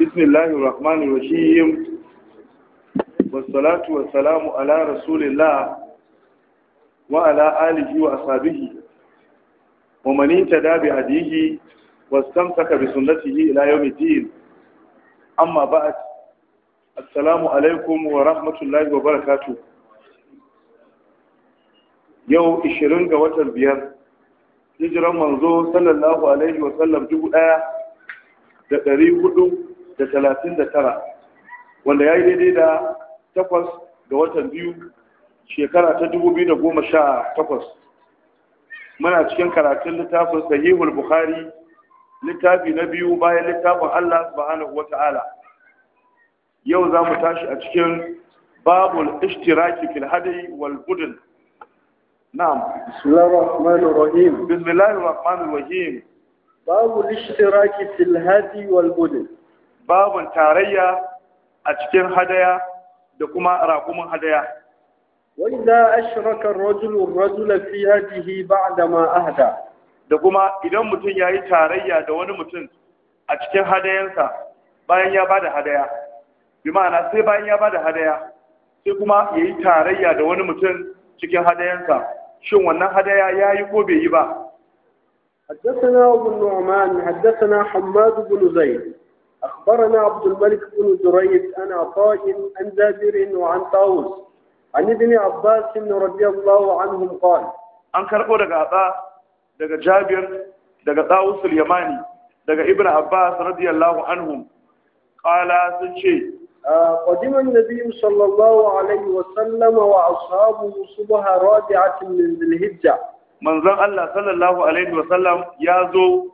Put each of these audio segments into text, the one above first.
بسم الله الرحمن الرحيم والصلاة والسلام على رسول الله وعلى آله وأصحابه ومن انتدى بهديه واستمسك بسنته إلى يوم الدين أما بعد السلام عليكم ورحمة الله وبركاته يوم 20 ga watan biyar hijiran manzo sallallahu alaihi wa sallam dubu ɗaya da ɗari hudu da talatin da tara wanda ya yi daidai da takwas ga watan biyu shekara ta dubu biyu da goma sha takwas muna cikin karatun littafin sahihul bukhari littafi na biyu bayan littafin allah subhanahu wa ta'ala yau za mu tashi a cikin babul ishtiraki fil hadai wal budin نعم بسم الله الرحمن الرحيم بسم الله الرحمن الرحيم باب الاشتراك في الهدي والبدن باب تاريا أتكين هدايا دكما راكم هدايا وإذا أشرك الرجل الرجل في هديه بعدما أهدى دكما إذا متن يأي تاريا دون متن أتكين هدايا bayan ya bada hadaya bi ma'ana sai bayan ya bada hadaya sai kuma yayi tarayya da wani mutum cikin hadayansa shin wannan hadaya yayi ko bai yi ba حدثنا ابو النعمان حدثنا حماد بن زيد أخبرنا عبد الملك بن دريد عن عطاء عن جابر وعن طاووس عن ابن عباس رضي الله عنهم قال an karɓo daga haɗa daga jabir daga ɗawus yamani daga ibn abbas radiyallahu anhum ƙala sun ce قدم النبي صلى الله عليه وسلم وأصحابه صبح رابعة من ذي الهجة من ذا الله صلى الله عليه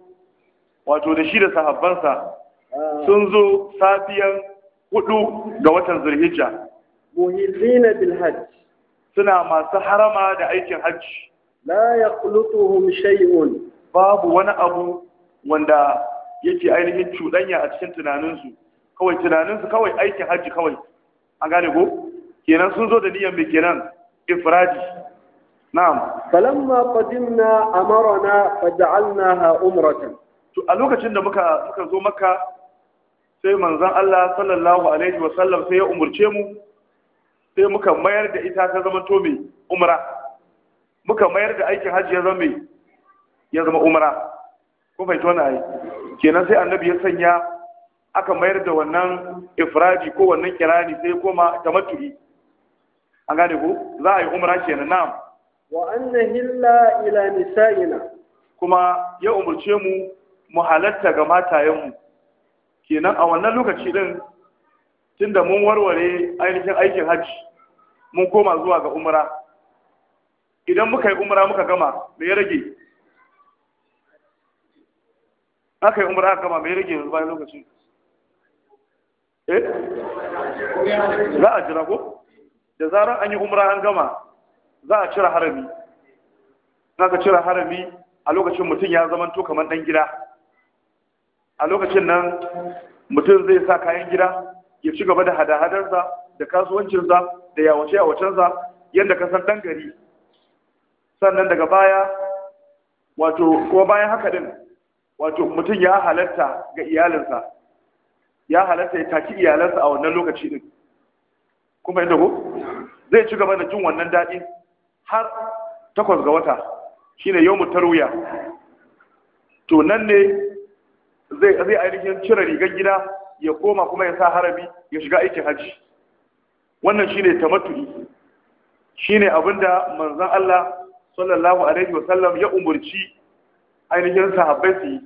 wato da shi da sahabbansa sun zo safiyar huɗu da watan zulhijja muhillina bil hajj suna masu harama da aikin hajj la yaqlutuhum shay'un babu wani abu wanda yake ainihin cuɗanya a cikin tunaninsu kawai tunaninsu kawai aikin hajji kawai an gane ko kenan sun zo da niyyar mai kenan ifradi na'am falamma qadimna amarna faj'alnaha umratan to a lokacin da muka suka zo makka sai manzon Allah sallallahu alaihi wa sallam sai ya umurce mu sai muka mayar da ita ta zama to mai umra muka mayar da aikin hajji ya zama ya zama umra ko bai tona ai kenan sai annabi ya sanya aka mayar da wannan ifradi ko wannan kirani sai koma tamattu'i an gane ko za a yi umra kenan na'am wa anna hilla ila nisa'ina kuma ya umurce mu mu halatta ga matayenmu kenan a wannan lokaci din tunda mun warware ainihin aikin hajji mun koma zuwa ga umra idan muka yi umra muka gama me ya rage aka yi umra aka gama me ya rage bayan lokacin eh za a jira ko da zarar an yi umra an gama za a cire harami ka cire harami a lokacin mutum ya zama to kamar dan gida a lokacin nan mutum zai sa kayan gida ya ci gaba da hada-hadarsa da kasuwancinsa da yawace-yawacensa yadda ka san dan gari sannan daga baya wato ko bayan haka din wato mutum ya halatta ga iyalinsa ya halatta ya taki iyalansa a wannan lokaci din kuma inda go, zai ci gaba da jin wannan daɗi har takwas ga wata shine yau mutaruya to nan ne zai zai ainihin cire rigar gida ya koma kuma ya sa harami ya shiga aikin hajji wannan shine tamattu'i shine abinda manzon Allah sallallahu alaihi wa sallam ya umurci ainihin sahabbai su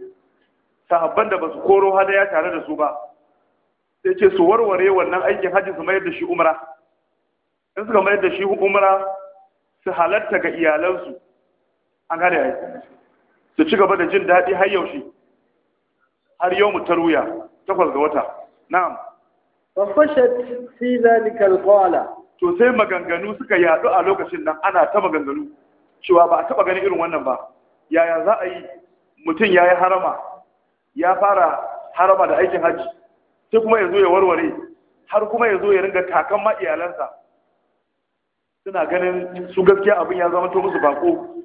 sahabban da basu su koro hadaya tare da su ba sai ce su warware wannan aikin hajji su mayar da shi umra in suka mayar da shi umra su halatta ga iyalansu an gane ya su ci gaba da jin daɗi har yaushe har yau mu taruya takwas ga wata na'am fafashat fi zalika alqala to sai maganganu suka yadu a lokacin nan ana ta maganganu cewa ba a taba ganin irin wannan ba yaya za a yi mutum ya yi harama ya fara harama da aikin hajji sai kuma ya zo ya warware har kuma ya zo ya ringa takan ma iyalansa suna ganin su gaskiya abin ya zama to musu bako